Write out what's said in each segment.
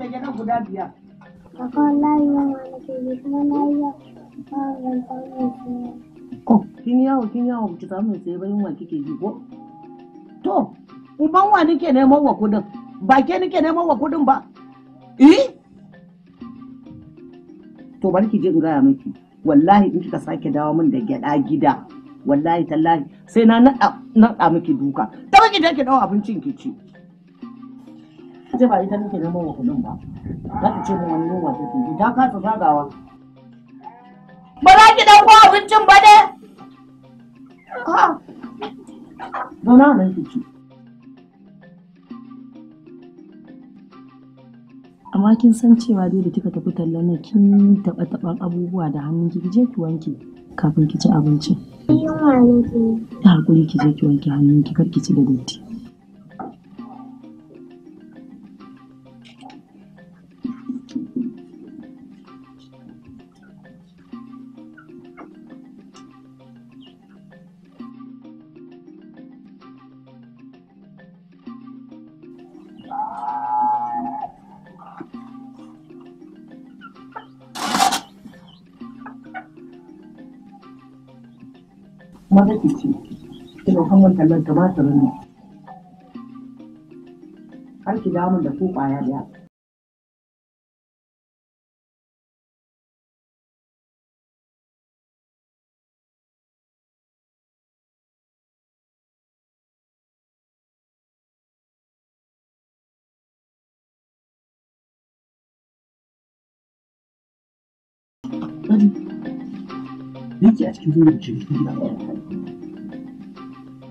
da gidan guda biyar. Akwai layiwa ma na ke yi kuma layiwa ba ban samu mai Oh, kin yawo kin yawo ki samu mai tsaye bayan wa kike ji ko? To, uban wa nake neman wa kudin? Ba ke nake neman wa kudin ba? Eh? To bari ki je in gaya miki. Wallahi in kika sake dawo min da gyada gida. Wallahi tallahi sai na naɗa miki duka. Ta ki je ki dawo abincin ki ci. ta ce ba ita nake neman wa kuɗin ba za ta ce min wani yunwa ta ke ta kasa zagawa ba za ki ɗauko abincin ba dai zauna nan ki amma kin san cewa dai da kika tafi tallan ne kin taba taban abubuwa da hannun ki je ki wanke kafin ki ci abinci. Ta hakuri ki je ki wanke hannun ki kar ki ci da datti. kici kina hangon ta tumatirin ne har damun da ku kwaya daya a cikin zuwa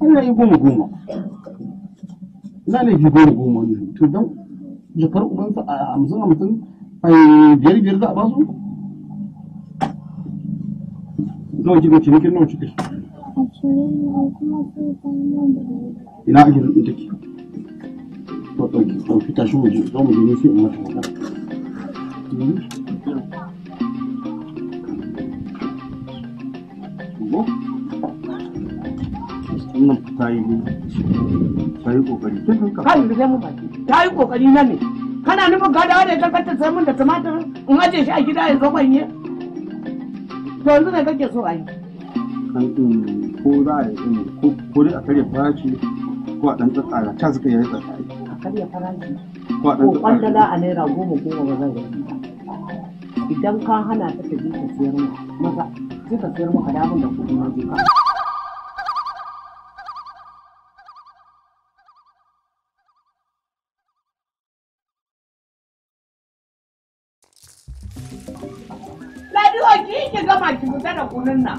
ana yi goma goma na ne fi goma goma ne to don jakar ubansa a hamsin hamsin a biyar biyar za a ba su nawa kika cinikin nawa kika ina ake rubin take to ɗauki tashi waje za mu je ne sai in mata magana wannan ta yi ne ta yi kokari ka yi rufe mu baki ta yi kokari na ne kana nufin ka dawo ya ka sai mun da tumatir in ajiye shi a gida ya zo banye to yanzu ne kake so a yi ko za a yi ko dai a karya farashi ko a ɗan tsatsara ta suka yi tsatsara a karya farashi ko a ɗan tsatsara kwandala a naira goma goma ba zan yi idan ka hana ta ta je ta siyar maza sai ka siyar maka damun da kuɗi na gama ki fita da kunun nan.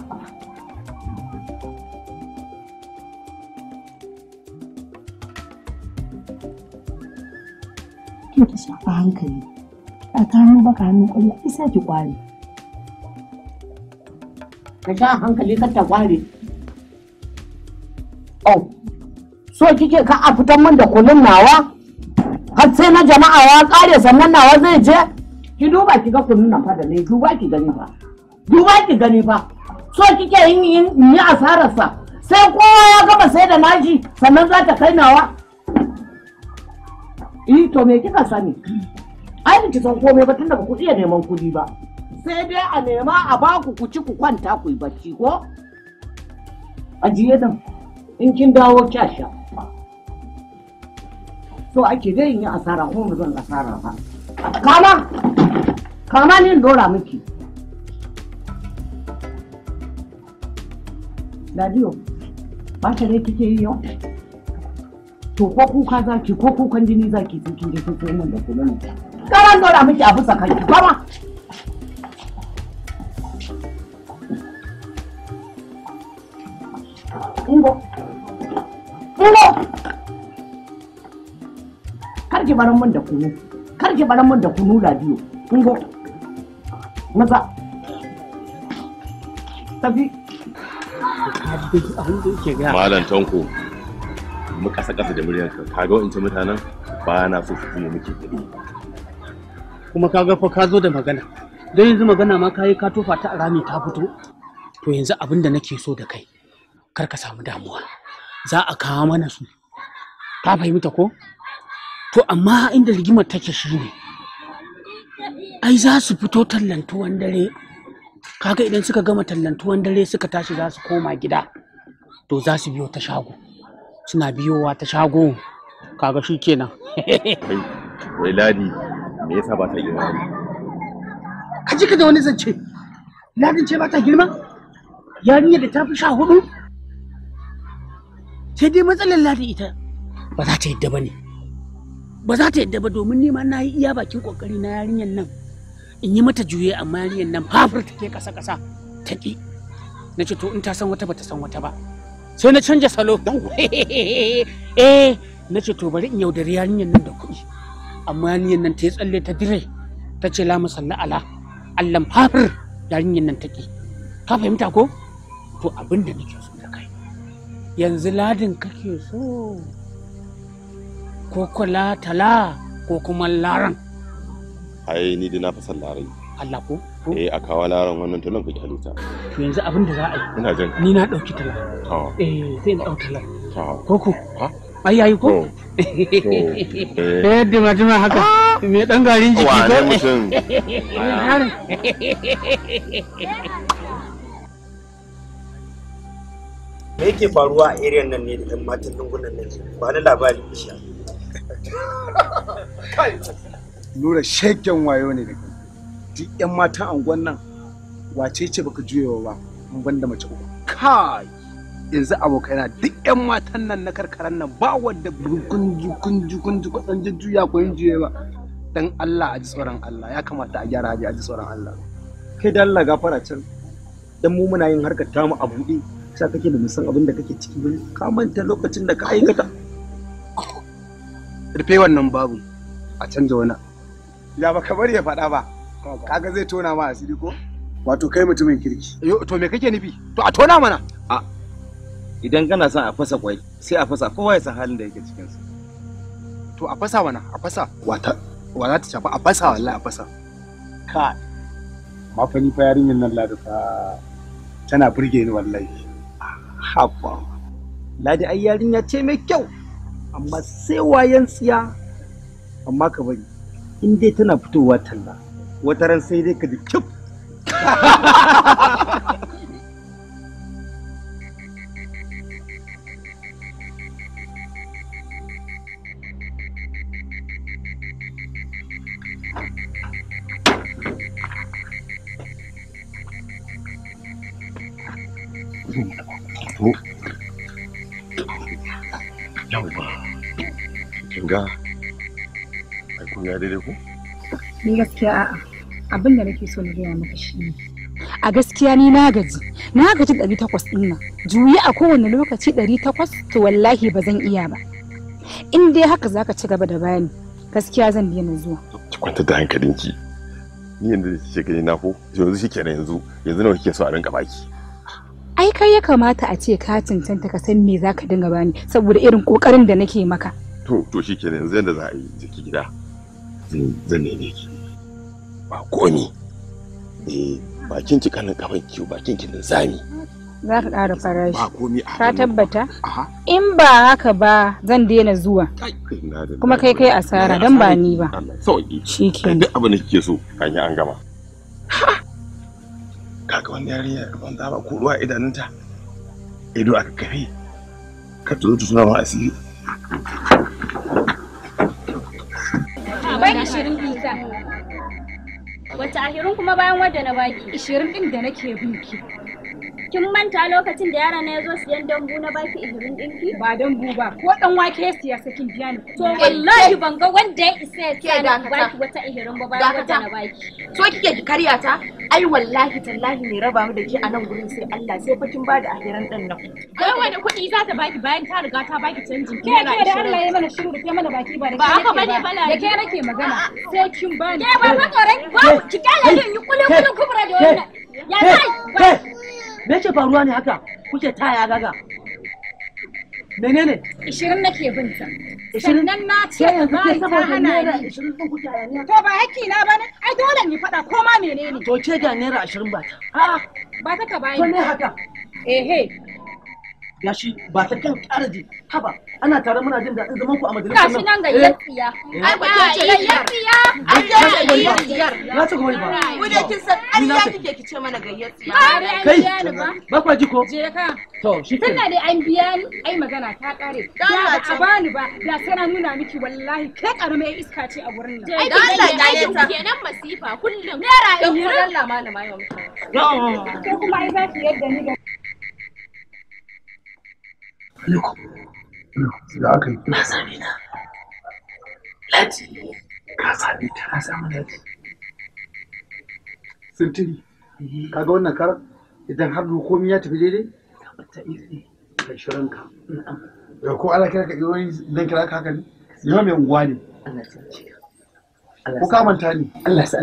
Kin ki shafa hankali. ta hannu baka hannu ƙwarya isa ki ƙware. Ka sha hankali kar ta ƙware. Oh, so kike ka a fitan min da kunun nawa? Har sai na jama'a ya kare sannan nawa zai je? Ki duba ki ga kunun nan fa da ne duba ki gani ba. duba ki gani fa so kike yin yin asarar asararsa sai kowa ya gama sai da naji sannan za ta kai nawa eh to me kika sani ai ki san komai ba tunda ba ku iya neman kuɗi ba sai dai a nema a baku ku ci ku kwanta ku yi bacci ko ajiye dan in kin dawo kyasha so ake dai yin asara kuma ba zan asara ba kama kama ne dora miki Ladiyo, ta dai kike yi yau? To ko kuka za ki ko kukan jini za ki sai kin je kin sayo min da kullum. Karan dora miki a bisa kanki, fama. Ingo. Ingo. Kar ki baran min da kunu. Kar ki baran min da kunu Ladiyo. Ingo. Maza. Tafi. malam tanko mu kasa kasa da muryar ka kaga wancan mutanen ba na so su ji muke gani kuma kaga fa ka zo da magana don yanzu magana ma ka yi ka tofa ta rami ta fito to yanzu abin da nake so da kai kar ka samu damuwa za a kawo mana su ka fahimta ko to amma inda rigimar take ne, ai za su fito tallantuwan dare kaga idan suka gama tallantuwan dare suka tashi za su koma gida to za su biyo ta shago suna biyowa ta shago kaga shi kenan wai ladi me yasa ba ta girma ka ji ka da wani zance ladin ce ba ta girma Yarinya da ta fi sha hudu sai dai matsalar ladi ita ba za ta yadda ba ne ba za ta yadda ba domin nema na yi iya bakin kokari na yarinyar nan in yi mata juye amma mariyan nan fafur take kasa kasa ta ki na ce to in ta san wata ba ta san wata ba sai na canja salo he. eh na ce to bari in yaudari riyanin nan da kuɗi amma yarinyar nan ta yi tsalle ta dire ta ce la musalla ala allan fafur yarinyar nan take ka fahimta ko to abin da nake so da kai yanzu ladin kake so ko kula tala ko kuma laran ai ni dai na fi son larai Allah ko eh a kawo laran wannan tulon ka kyale to yanzu abin da za a yi ina jin ni na dauki talar eh sai in dauki talar ko ko ai yayi ko eh dima dima haka me dan garin jiki ko wani mutum me yake faruwa a area nan ne da matan lungunan nan ba na labarin isha kai lura shaken wayo ne da kai duk yan matan angon nan wace ce baka juyewa ba in banda mace uku kai yanzu abokaina duk yan matan nan na karkaran nan ba wanda kun kun kun kun dan juya ko yin juye ba dan Allah a ji tsoron Allah ya kamata a gyara haji a ji tsoron Allah kai da Allah gafara can dan mu muna yin harkar tamu a buɗe sai kake da musan abin da kake ciki ba ka manta lokacin da ka aikata rufe wannan babu a canza wani ya baka bari ya faɗa ba kaga zai tona ma asiri ko wato kai mutumin kirki yo to me kake nufi to a tona mana a idan kana son a fasa kwai sai a fasa kowa ya san halin da yake cikin sa to a fasa mana a fasa wata wala ta shafa a fasa wallahi a fasa ka ma fa ni fa yarinyar nan ladi fa tana burge ni wallahi haba ladi ai yarinya ce mai kyau amma sai wayan tsiya amma ka bari in dai tana fitowa talla wata ran sai dai ka ji kyau ni gaskiya a'a abin da nake so na gaya maka shi ne a gaskiya ni na gaji na gaji ɗari takwas ɗin nan juyi a kowane lokaci ɗari takwas to wallahi ba zan iya ba in dai haka zaka ci gaba da bayani gaskiya zan biya na zuwa ki kwanta da hankalinki ni yanzu da kike gani na ko yanzu na yanzu yanzu nawa kike so a rinka baki ai kai ya kamata a ce ka cancanta ka san me zaka dinga bani saboda irin kokarin da nake maka to to shikenan yanzu yanda za a yi jiki gida zan neme ki ba komi eh bakin ki kanin kafan ki bakin ki nan zami za ka ƙara farashi ba komi ka tabbata in ba haka ba zan daina zuwa kuma kai kai asara dan ba ni ba shikenan duk abin da kike so kan yi an gama kaga wani yarinya ban za ba ko ruwa idanunta ido aka kafe ka zo ta suna ma asiri bai ishirin wata ahirin kuma bayan wadda na baki? Ishirin ɗin da nake binki. Kin manta lokacin da yara na ya zo siyan dambu na baki ishirin ɗinki? Ba dambu ba, ko ɗan wake ya siya sakin biya ni To wallahi ban ga wanda ya isa ya siya na baki wata ishirin ba bayan wadda na baki. So kike ki karya ta? ai wallahi tallahi ne raba mu da ke a nan gurin sai Allah sai fa kin bada ahiran din nan kai wani kuɗi za ta baki bayan ta riga ta baki canjin ki yana da Allah ya mana shiru ke mana baki ba da ke bane bala da ke nake magana sai kin ba ni. ke ba ba kore ba ki kala yin yi kule kule kubra da wannan ya kai me ce faruwa ne haka kuke taya gaga menene ishirin nake binta sannan na ce ba ta hana ni to ba hakki na bane ai dole ni faɗa ko ma menene to ce ga naira ashirin ba ta ba ta ka bayi to ne haka eh gashi ba ta kan ƙara ji haba ana tare muna jin daɗin zaman ku a majalisar gashi nan ga yafiya eh. ai ba ce yafiya ai ga yafiya na ta goyi ba ku da kin san ai ya kike kice mana ga yafiya kai ba ku ji ko je ka to shi ke tunda dai an biya ni ai magana ta ƙare ba a bani ba da sana nuna miki wallahi kai karama ya iska ce a gurin nan ai da Allah ya yi ta kenan masifa kullum naira 20 Allah malama yau ko kuma ai za ki yadda ni ga Aliko, da aka yi. Na sami na. Lati, ka sami ta, ka kaga wannan kar idan har komai ya tafi daidai? Tabbata izini. Kai shirin ka. ko ala kira ka yi dan kira ka haka ne? Yau mai unguwa ne. Allah ya Ko ka manta ne? Allah ya sa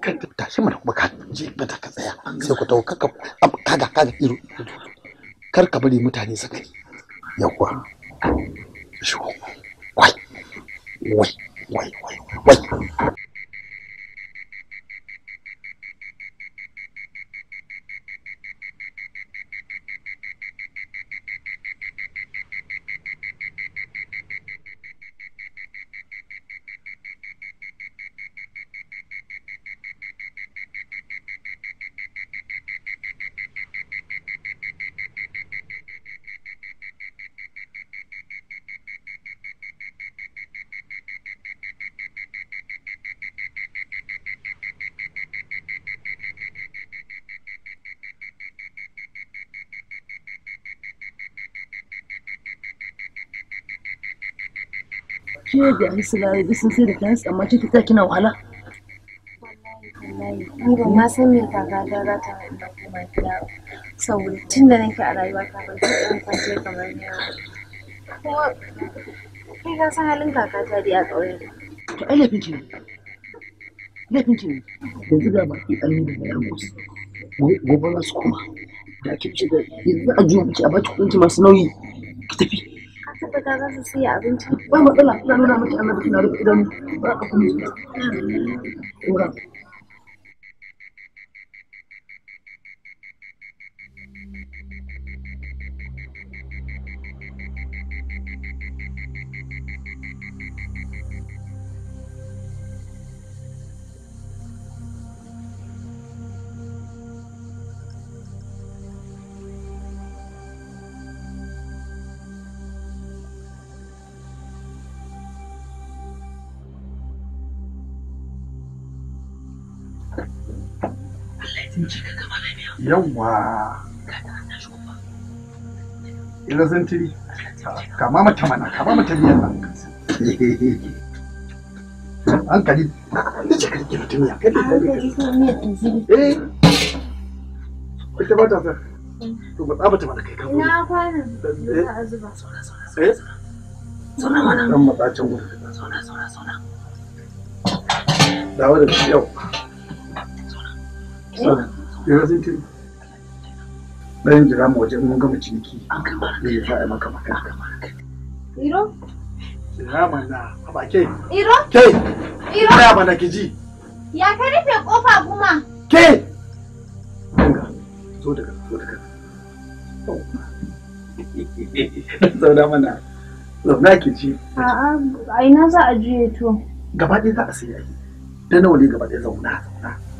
Kai tashi mana kuma ka je ka tsaya. Sai ku tau kaga kaga iro. kar ka bari mutane su kai kwai, wai wai wai wai Uh, ke da misalari da sun sai da kayan amma ce ta kina wahala ni ban ma san me kaka ta za ta haɗa kuma gida saboda tun da nake a rayuwa ta ban taɓa kwance kamar ni kuma kai ka san halin kaka ta dai a ƙauyen to ai laifin ki ne laifin ki ne yanzu ga baki an yi da bayan gosu, gobe za su koma da ake ci da yanzu a juya miki a baki kunci masu nauyi sadaka za su siya abinci. Ba matsala, ina nuna miki annabi kina rufe idanu ba ka kuma. yawwa mana nan hankali da eh. ba ta to ba tsaba ta mana kai kan na eh. a zuba sauna sauna sauna eh? mana dan matsacin gudu sauna sauna sauna dawo da shi yau sauna Yara sun tuni. Bayan jira mu waje mun gama ciniki. An kai baraka. Ya fa'a maka maka. Iro? Ira mana a bakin? Iro? Ke. Iro? Ira mana ki ji. Ya ka rufe kofa kuma. Ke. Kinga. Zo daga zo daga. Zauna mana. Zauna ki ji. A'a, a ina za a juye to. Gaba ɗaya za a sai yayi. Da nawa ne gaba ɗaya zauna zauna.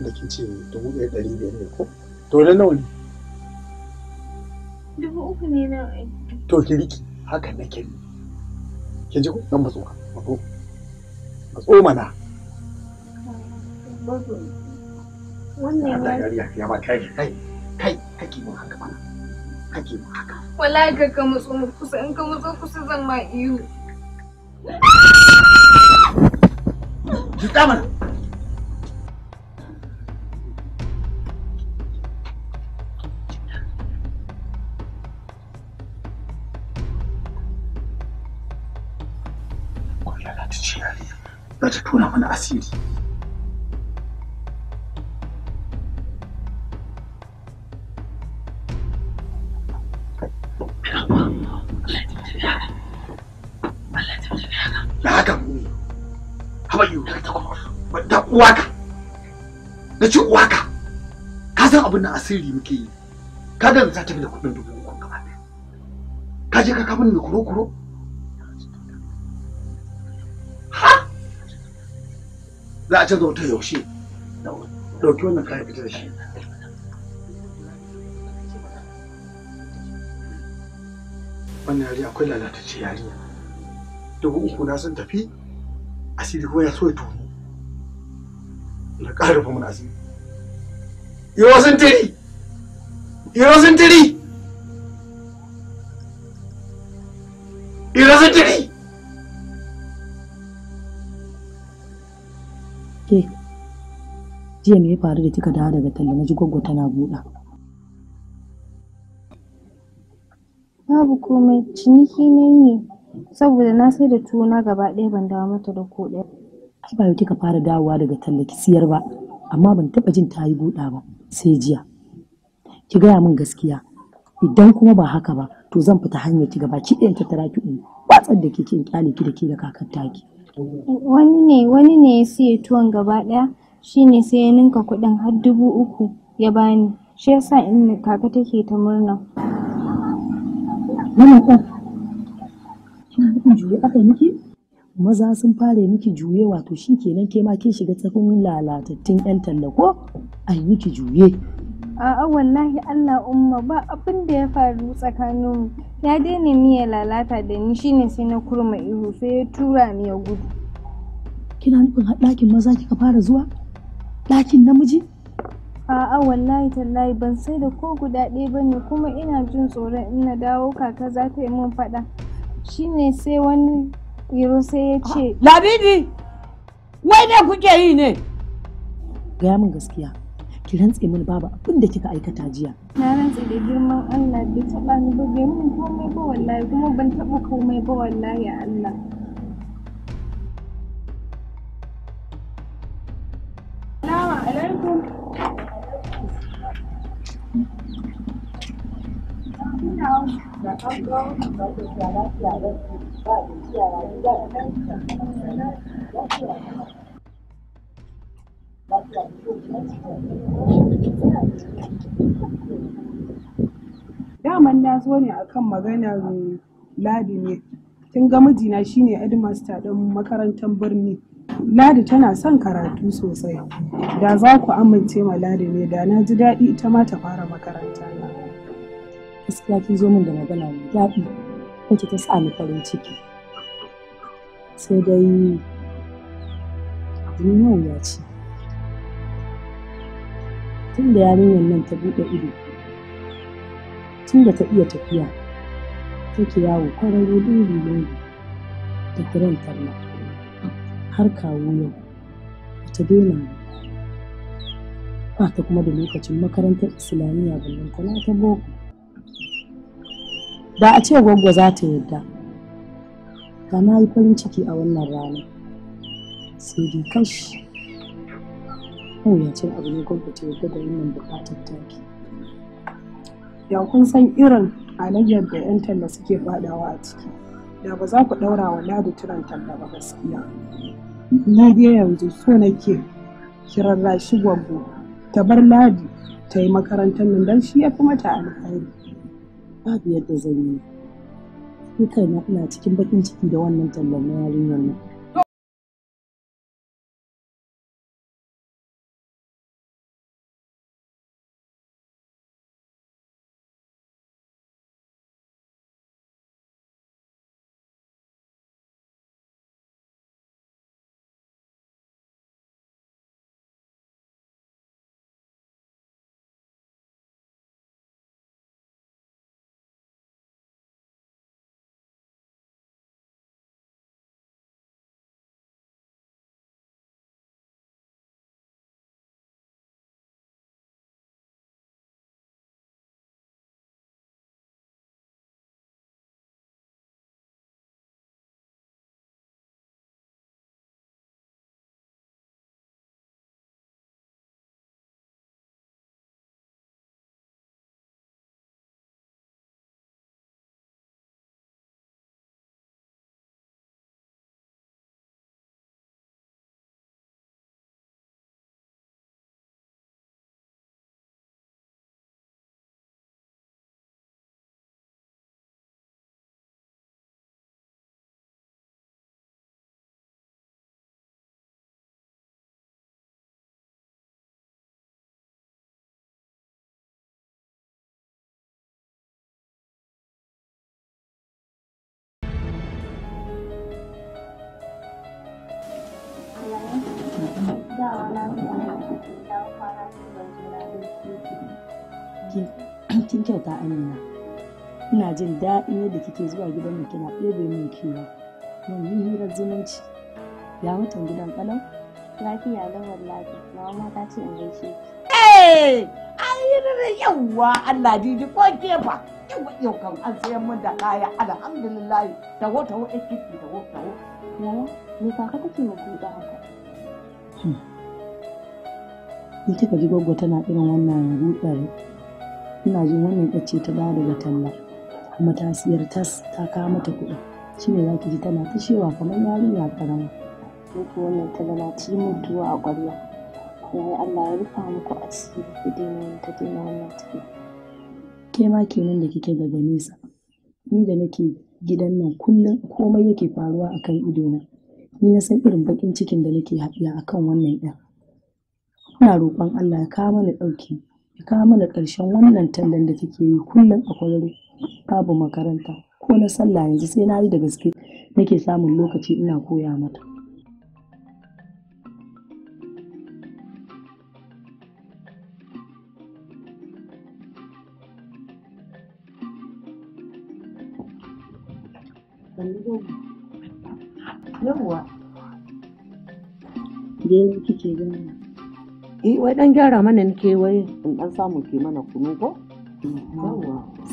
da ke ce dubu ɗaya ɗari biyar ne ko to na nawa ne dubu uku ne na to ki riki haka na ke ki ji ko Nan matso matso matso mana wannan ya ya ba kai kai kai kake mun haka mana kake mun haka wallahi ka ka matso kusa in ka matso kusa zan ma iyo ki mana za ta tona mana asiri da uwaka na ce uwaka ka san abin nan asiri muke yi ka ga za ta bi da kuɗin dubu uku gaba ɗaya ka je ka kawo ni kuro kuro za a canza wutar yaushe ɗauki wannan kayan fita da shi wannan yari akwai lalatacce yariya duk uku na sun tafi asiri kuma ya so ya tuhu na ƙara fa mun asiri yawa sun tiri yawa sun tiri yawa sun tiri Ke, jiya me ya faru da kika dawo daga talla na ji gwaggo tana buɗa. Babu komai, ciniki na yi ne, saboda na sai da tuwo na gaba ɗaya ban dawo mata da ko ɗaya. ki ba kika fara dawowa daga talla ki siyar ba, amma ban taba jin ta yi buɗa ba sai jiya. Ki gaya min gaskiya, idan kuma ba haka ba, to zan fita hanyar ki gaba ki ɗayan tattara ki in watsar da ke kin kyale ki da ke da kakar taki. wani ne wani ne ya siya tuwon gaba ɗaya shi ne sai ya ninka kuɗin har dubu uku ya bani, shi ya sa kaka take ta murna. ɗan, juye aka miki? Maza sun fara miki juye wato shi kenan ke ma kin shiga tsakanin lalatattun 'yan talla ko? yi miki juye. A'a wallahi Allah umma ba abin da ya faru tsakaninmu. Ya daina ni ya lalata da ni shine sai na kurma ihu sai ya tura ni ya gudu. Kina nufin ɗakin maza kika fara zuwa? Ɗakin namiji? A'a wallahi tallahi ban sai da ko guda ɗaya ba ne kuma ina jin tsoron in na dawo kaka za ta yi min faɗa. Shine sai wani iro sai ya ce. Labibi! Wai ne kuke yi ne? Gaya min gaskiya. ki rantse mini babu abin da kika aikata jiya na rantse da girman Allah bai taba ni ba bai mun komai ba wallahi kuma ban taba komai ba wallahi Allah Assalamu alaikum Thank you. daman na zo ne akan maganar ladi ne tun ga mijina shine Edmaster ɗin makarantar birni ladi tana son karatu sosai da za ku amince ma ladi ne da na ji daɗi ita ma ta fara makaranta na gaskiya kin zo min da magana ne, daɗi ki ta sa ni farin ciki sai dai abin yau ya ce tun da yarinyar nan ta buɗe ido tunda ta iya tafiya take yawo kwararo lungu-lungu da giran talla har kawo yau ta daina ba ta kuma da lokacin makarantar islamiyya bayan tana ta boko da a ce gwaggwa za ta yarda da na yi farin ciki a wannan rana sai dai kashi mawuyacin abu ne gwamnati ya da wannan bukatar taki ya kun san irin halayyar da 'yan talla suke fadawa a ciki da ba za ku daura wa ladi turan talla ba gaskiya na dai yanzu so nake kiran rashi gwaggo ta bar ladi ta yi makarantar nan don shi ya fi mata alkhairi babu yadda zan yi ni na ina cikin bakin ciki da wannan tallan na yarinyar nan kin kyauta amina ina jin daɗin yadda kike zuwa gidan gidanmu kina ɗebe min Mun yi hirar zumunci ya mutum gidan ƙalau lafiya lau wallahi mama ta ce in gaishe ki eh ayyurar yawwa Allah didi ko kefa yawwa yau kan an sayan mun da kaya alhamdulillah da wata wata eh, kiki da wata wata mama me kaka take mu buɗe haka hmm. in kika ji gwaggo tana irin wannan rudar ina jin wannan ƴace ta dawo daga talla kuma ta tas ta kawo mata kuɗi shine za ki ji tana ta kamar yarinya karama muku wannan ta zama ci mutuwa a ƙwarya yayi Allah ya rufa muku asiri ku daina ta daina wannan ta ke ma kenan da kike daga nesa ni da nake gidan nan kullum komai yake faruwa akan idona ni na san irin baƙin cikin da nake haɗiya akan wannan ɗan ina roƙon Allah ya kawo mana ɗauki ya kawo mana ƙarshen wannan tallan da take yi kullum a kwararo babu makaranta ko na sallah yanzu sai na yi da gaske nake samun lokaci ina koya mata yawwa kike gani eh wai dan gyara mana nake wai in dan samu ke mana kunu ko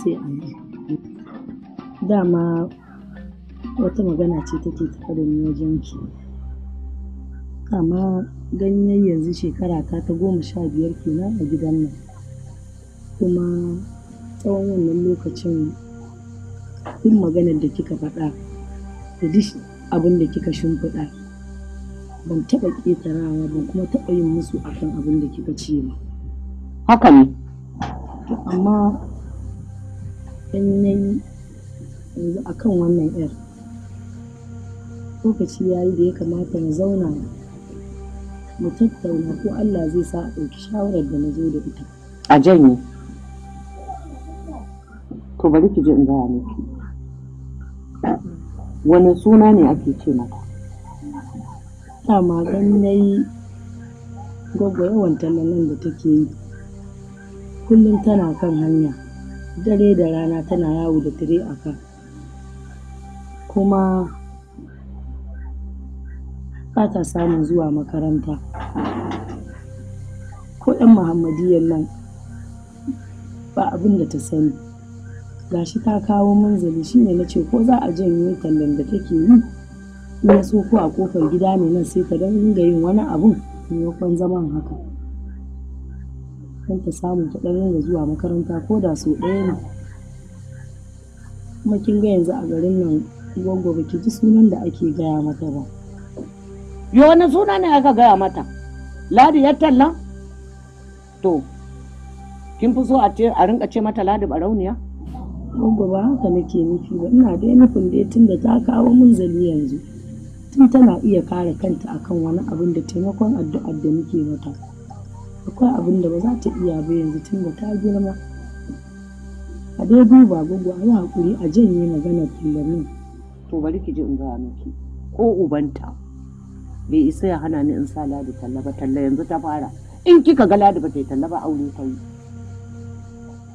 sai a dama wata magana ce take tafa da ni wajen ki kama ganyen yanzu shekara ta ta goma sha biyar kenan a gidan nan kuma tsawon wannan lokacin duk maganar da kika faɗa da duk abin da kika shimfiɗa ban taɓa ƙetarawa ban kuma taba yin musu akan abin da kika ce ba. Haka ne. Amma in yi yanzu akan wannan yar lokaci ya yi da ya kamata na zauna mu tattauna ko Allah zai sa a ɗauki shawarar da na zo da ita. A janye. To bari ki je in gaya miki. Wani suna ne ake ce mata? dama gani na yi gwaggo yawan tallalan da take yi kullum tana kan hanya dare da rana tana yawo da tire a ka kuma ba ta samun zuwa makaranta ko ɗan muhammadiyan nan ba abin da ta sani gashi ta kawo manzali shine na ce ko za a janye tallan da take yi in ya so ko a kofar gida ne nan sai ta dinga yin wani abun maimakon zaman haka kan ta samu ta dan ringa zuwa makaranta ko da sau ɗaya ne kuma kin ga yanzu a garin nan gwaggo ba ki ji sunan da ake gaya mata ba yo wani suna ne aka gaya mata ladi ya talla to kin fi so a rinka ce mata ladi barauniya gwaggo ba haka nake nufi ba ina dai nufin dai tun da ta kawo mun zali yanzu tun tana iya kare kanta akan wani abin da taimakon addu'ar da muke mata akwai abin da ba za ta iya ba yanzu tun da ta girma a dai duba gugu a yi hakuri a janye magana kullum to bari ki ji in gaya miki ko ubanta bai isa ya hana ni in sa ladi talla ba talla yanzu ta fara in kika ga ladi ba ta yi talla ba aure ta yi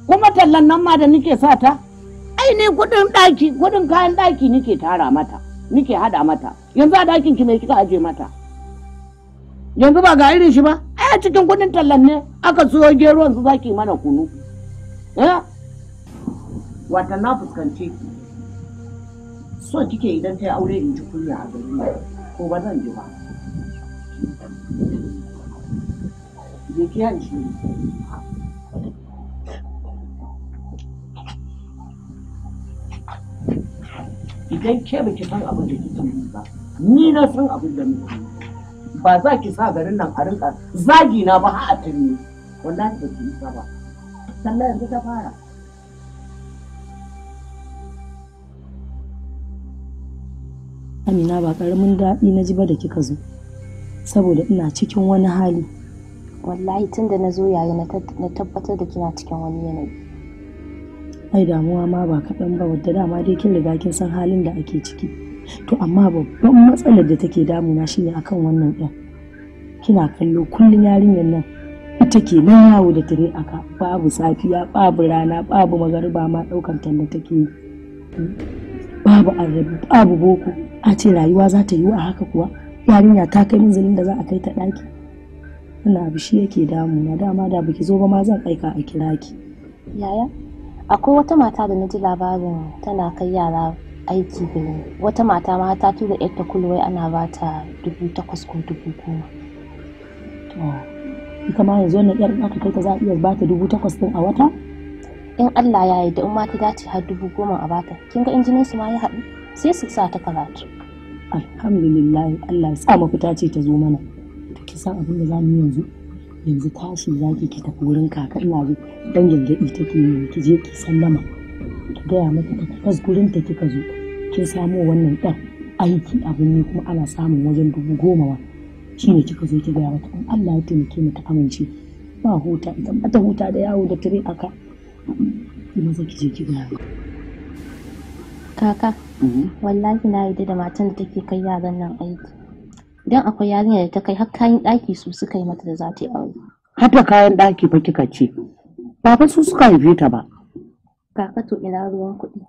kuma tallan nan ma da nike sa ta ai ne kudin daki kudin kayan daki nike tara mata nike hada mata yanzu a dakin ki me kika aje mata yanzu ba ga irin shi ba ai a cikin kudin tallan ne aka siyo geron su zaki mana kunu eh wata na fuskance ki so kike idan ta yi aure in ji kunya a gari ko ba zan ji ba je ki shi idan ke baki san abin da kike yi ba ni na san abin da muke yi ba za ki sa garin nan a rinka zagi na ba a tuni wallahi ba ki isa ba sallah yanzu ta fara Amina ba karamin daɗi na ji ba da kika zo saboda ina cikin wani hali wallahi tunda na zo yayi na tabbatar da kina cikin wani yanayi ai damuwa ma ba kaɗan ba wadda dama dai kin riga kin san halin da ake ciki to amma babban matsalar da take damuna shine akan wannan ɗan kina kallo kullum yarinyar nan ita ke nan yawo da tare aka babu safiya babu rana babu magariba ma ɗaukan talla take yi babu arabi babu boko a ce rayuwa za ta yiwu a haka kuwa yarinya ta kai minzalin da za a kai ta ɗaki wannan abu shi yake damuna dama da baki zo ba ma zan aika a kira ki yaya akwai wata mata da na ji labarin tana kai yara aiki birni wata mata ma ta tura yarta kulwai ana ba ta dubu takwas ko dubu goma to ita ma yanzu wannan yar aka kai ta za a iya ba ta dubu takwas din a wata in Allah ya yarda in ma ta dace har dubu goma a bata kin ga injinin su ma ya haɗu sai su sa ta karatu alhamdulillah Allah ya sa mafita ce ta zo mana to ki san abin da za mu yanzu yanzu tashi za ki ki tafi wurin kaka ina ji dan gyangyaɗi take yi ki je ki sallama ki gaya mata ta gurin ta kika zo kin samo wannan dan aiki abin ne kuma ana samun wajen dubu goma wa shi ne kika zo ki gaya mata in Allah ya taimake mu ta amince ba huta idan ba ta huta da yawo da tare aka kuma za ki je ki gaya kaka mm-hmm. wallahi na yi da matan da take kai yaran nan aiki dan akwai yarinya da ta kai har kayan ɗaki su suka yi mata da za ta yi aure Hata kayan ɗaki ba kika ce baba su suka haife ta ba kaka to ina ruwan kuɗi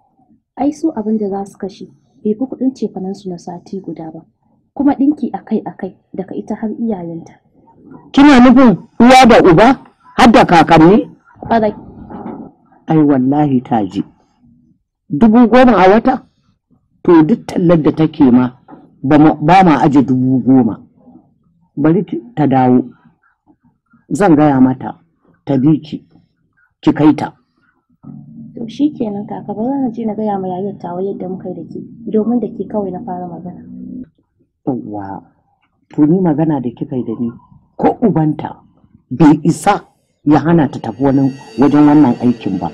ai su abin da za su kashe bai fi kuɗin cefanen su na sati guda ba kuma ɗinki akai akai daga ita har iyayenta kina nufin uwa da uba har da kakanni ƙwarai ai wallahi ta ji dubu goma a wata to duk tallar da take ma ba ma aje dubu goma bari ta dawo zan gaya mata ta bi ki ki kai ta to shi kenan kaka ba zan je na gaya ma yayar tawa yadda muka yi da ke domin da ke kawai na fara magana yawwa to ni magana da kika yi da ni ko ubanta bai isa ya hana ta tafi wani wajen wannan aikin ba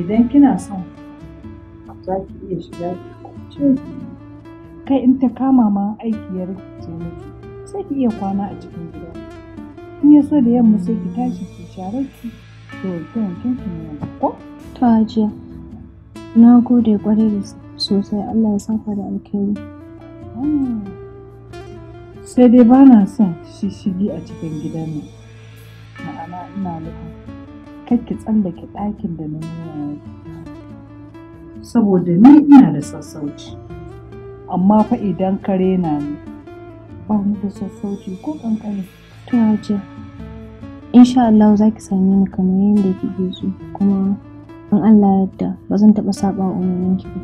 idan kina son za ki iya shiga kai in ta kama ma aiki ya rikice miki sai ki iya kwana a cikin gida in ya so da yamma sai ki tashi ki share ki ki wanke ki ne ko to ajiya na gode kwarai da sosai Allah ya saka da alkhairi ah. sai dai ba na son shishigi a cikin gidan nan ma'ana ina nufin ki tsallake ɗakin da na yi. saboda ni ina da sassauci amma fa idan kare na ni ba mu da sassauci ko kankani to wace insha Allah za ki same ni kamar yadda ke so kuma in Allah yadda ba zan taɓa saba umarninki ba.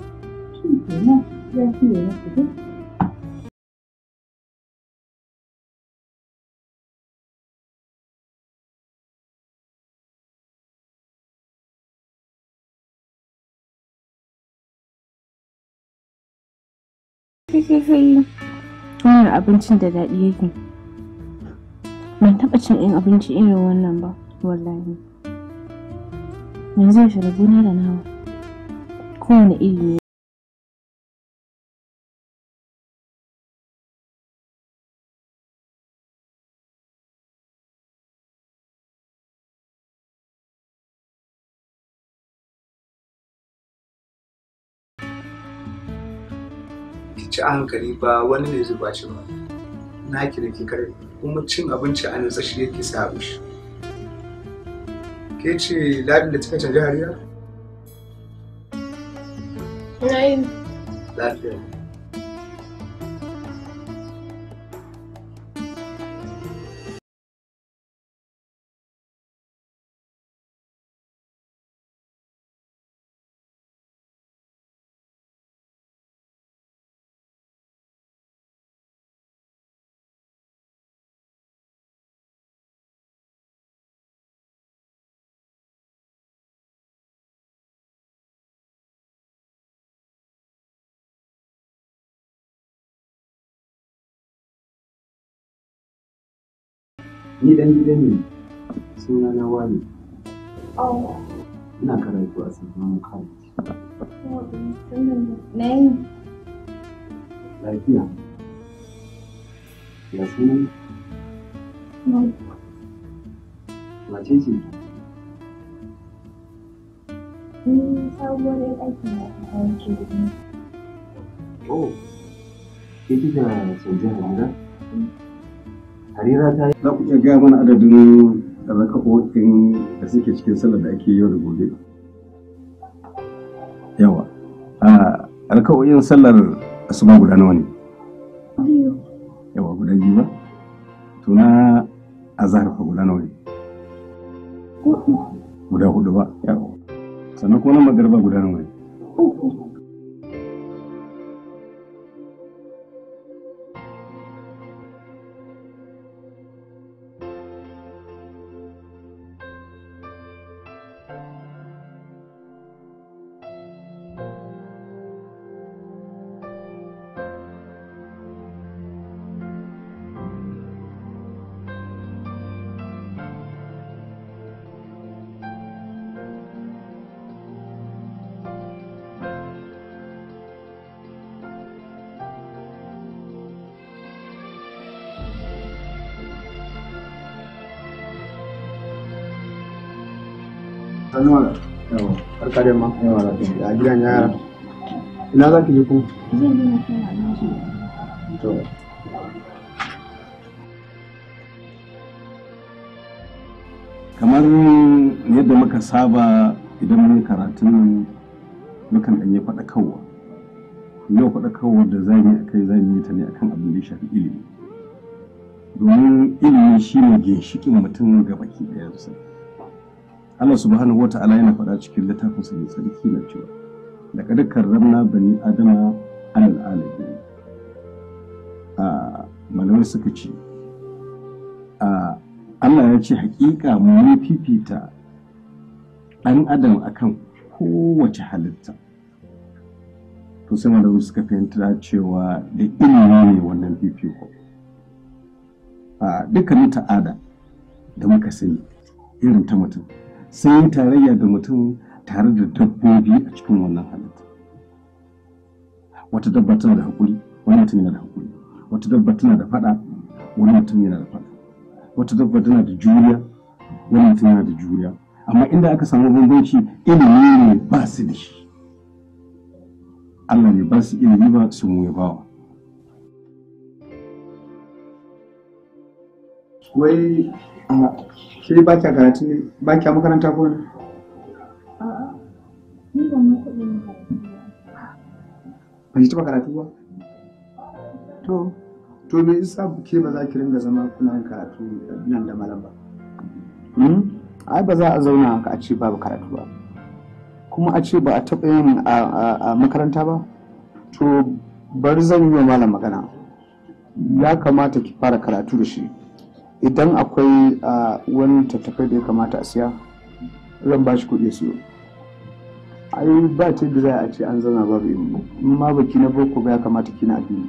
Shi kenan ya fiye ya fito. Sai wannan abincin da daɗi yake. Ban taɓa cin abinci irin wannan ba, wallahi. Yanzu ya shiga gona da nawa, kowane iri ne. ci a hankali ba wani ne zuba ci ba na ki da ki kare kuma cin abinci a nutsa shi yake sa shi ke ce ladin da kika canji hariya? na yi lafiya Ni dan gida ne, suna na wani. Oh. Ina karatu a Sulman College. Oh, na ne Lafiya. Ya sunan? Wace ce? Ni sabuwar na a yankin Oh, ke kika Harira ta yi. Za ku iya gaya mana adadin rakao'in da suke cikin sallar da ake yau da gobe? Yawa. Rakao'in sallar asuba guda nawa ne? Yawa guda biyu ba? Tuna azahar fa guda nawa ne? Guda hudu ba. Yawa. Sannan kuma na magarba guda nawa ne? Kamar yadda muka saba idan mun yi karatun nan mukan ɗan yi faɗakarwa. Yau da za yi kai za yi ta ne akan abin da ya shafi ilimi. Domin ilimi shi ne ginshiƙin mutum gaba ki ɗayansa. Allah subhanahu wa ta'ala yana faɗa cikin littafin sa mai tsarki na cewa dukkan karramna bani adama alal alamin a malamai suka ce a Allah ya ce hakika mun fifita ɗan adam akan kowace halitta to sai malamai suka fahimta cewa da ilimi ne wannan fifiko a dukkanin ta'ada da muka sani irin ta mutum sun yi tarayya da mutum tare da dabbobi a cikin wannan halitta wata dabba tana da haƙuri wani mutum yana da haƙuri wata dabba tana da faɗa wani mutum yana da faɗa wata dabba tana da juriya wani mutum yana da juriya amma inda aka samu bambanci ilimi ne ba su da shi Allah ne ba su ilimi ba su mu bawa wai Ke ba kya karatu ne? Ba kya makaranta ko ne? A'a, ni ban ma taɓa yin ba. ki taɓa karatu ba? To, to me isa ke ba za ki ringa zama kuna karatu nan da malam ba? Hmm? Ai ba za a zauna haka a ce babu karatu ba. Kuma a ce ba a taɓa yin a makaranta ba? To, bari zan yi wa malam magana. Ya kamata ki fara karatu da shi. idan akwai wani tattafai da ya kamata a siya zan ba shi kuɗi siyo ai ba ce da za a ce an zauna babu in ma baki na boko ba ya kamata kina biyu.